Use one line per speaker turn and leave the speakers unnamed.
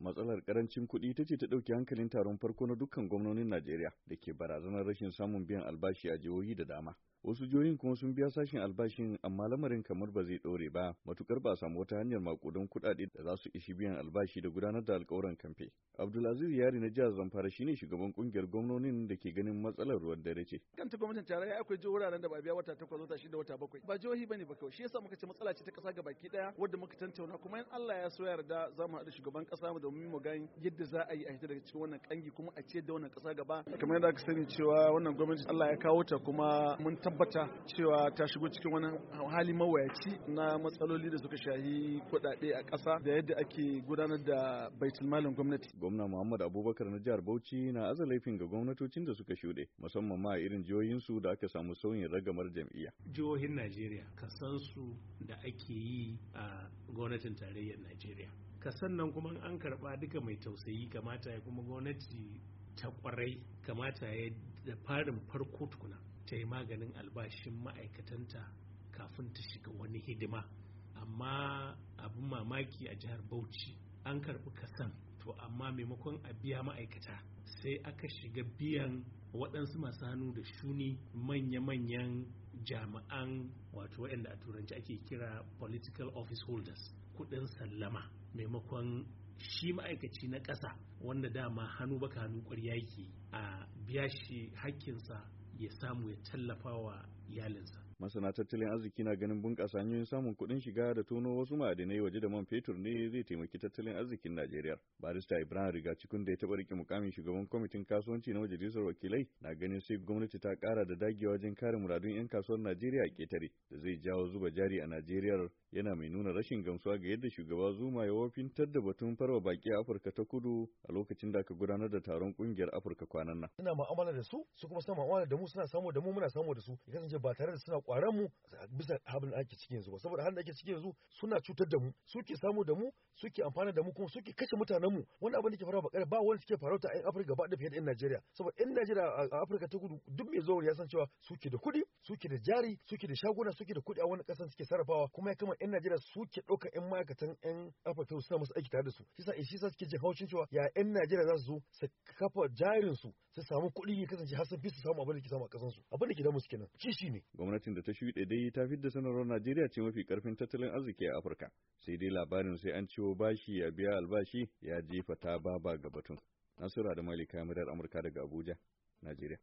matsalar karancin kuɗi ta ce ta ɗauki hankalin taron farko na dukkan gwamnonin Najeriya da ke barazanar rashin samun biyan albashi a jihohi da dama. Wasu jihohin kuma sun biya sashen albashin amma lamarin kamar ba zai ɗore ba matukar ba samu wata hanyar makudan kuɗaɗe da za su ishi biyan albashi da gudanar da alkawuran kamfe. Abdulaziz Yari na jihar Zamfara shine shugaban kungiyar gwamnonin da ke ganin matsalar ruwan dare ce.
Kanta gwamnatin tarayya akwai jihohin da ba biya wata takwas wata shida wata bakwai ba jihohi bane ba kawai shi yasa muka ce matsala ce ta ƙasa gabaki ɗaya wadda muka tantauna kuma in Allah ya so yarda za mu haɗu shugaban ƙasa mu domin mu ga yadda za a yi a daga cikin wannan kangi kuma a ce da wannan ƙasa gaba kamar yadda aka sani cewa wannan gwamnati Allah ya kawo ta kuma mun tabbata cewa ta shigo cikin wani hali mawayaci na matsaloli da suka shahi kuɗaɗe a ƙasa da yadda ake gudanar da
malam gwamnati gwamna Muhammad Abubakar na jihar Bauchi na aza laifin ga gwamnatocin da suka shuɗe musamman ma irin jihohin su da aka samu sauyin ragamar jam'iyya
jihohin Najeriya su da ake yi a gwamnatin tarayyar Najeriya Ka sannan kuma an karɓa duka mai tausayi kamata ya kuma gwamnati ta kwarai kamata ya da farin farko tukuna ta yi maganin albashin ma'aikatanta kafin ta shiga wani hidima amma abin mamaki a jihar bauchi an karɓi kasan to amma maimakon a biya ma'aikata sai aka shiga biyan waɗansu masu hannu da shuni manya-manyan jami'an wato waɗanda a turanci ake kira political office holders kuɗin sallama maimakon shi ma'aikaci na ƙasa wanda dama hannu baka hannu ƙwarya yake a biya shi hakkinsa ya samu ya tallafa wa iyalinsa
masana tattalin arziki na ganin bunƙasa hanyoyin samun kuɗin shiga da tono wasu ma'adinai waje da man fetur ne zai taimaki tattalin arzikin Najeriya. Barista Ibrahim Riga cikin da ya taɓa riƙe mukamin shugaban kwamitin kasuwanci na majalisar wakilai na ganin sai gwamnati ta ƙara da dagewa wajen kare muradun 'yan kasuwar Najeriya a ƙetare da zai jawo zuba jari a Najeriya yana mai nuna rashin gamsuwa ga yadda shugaba Zuma ya wafintar da batun farwa baki a Afirka ta Kudu a lokacin da aka gudanar da taron kungiyar Afirka kwanan nan.
Ina ma'amala da su su kuma suna ma'amala da mu suna samu da mu muna samu da su ya kasance ba tare da suna kwaran mu bisa halin da ake ciki yanzu ba saboda halin da ake ciki yanzu suna cutar da mu suke samu da mu suke amfana da mu kuma suke kashe mutanen mu wani abin da ke faruwa ba ba wani suke farauta a Afirka gaba da fiye da 'yan Najeriya saboda 'yan Najeriya a Afirka ta kudu duk mai zuwa ya san cewa suke da kuɗi suke da jari suke da shaguna suke da kuɗi a wani ƙasan suke sarrafawa kuma ya kama 'yan Najeriya suke ɗaukar 'yan ma'aikatan 'yan Afirka suna masu aiki tare da su shi shi sa suke jin haushin cewa ya 'yan Najeriya za su zo su kafa jarin su su samu kuɗi ya kasance har sun fi su samu abin da ke samu a ƙasan su abin da ke damu su kenan kishi ne
gwamnatin da ta shuɗe dai ta da sanarwar Najeriya ce mafi karfin tattalin arziki a Afirka. Sai dai labarin sai an ciwo bashi ya biya albashi ya jefa ta baba ga batun. Nasura da Malika Murar Amurka daga Abuja, Najeriya.